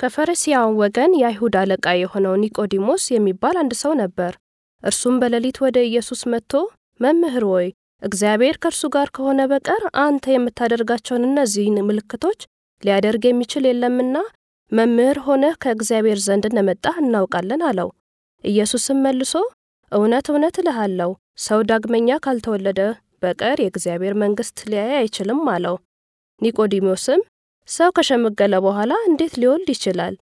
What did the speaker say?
ከፈሪሳውያን ወገን የአይሁድ አለቃ የሆነው ኒቆዲሞስ የሚባል አንድ ሰው ነበር። እርሱም በሌሊት ወደ ኢየሱስ መጥቶ መምህር ሆይ እግዚአብሔር ከእርሱ ጋር ከሆነ በቀር አንተ የምታደርጋቸውን እነዚህን ምልክቶች ሊያደርግ የሚችል የለምና መምህር ሆነህ ከእግዚአብሔር ዘንድ እንደመጣህ እናውቃለን አለው። ኢየሱስም መልሶ እውነት እውነት እልሃለሁ ሰው ዳግመኛ ካልተወለደ በቀር የእግዚአብሔር መንግሥት ሊያይ አይችልም አለው። ኒቆዲሞስም ሰው ከሸመገለ በኋላ እንዴት ሊወልድ ይችላል?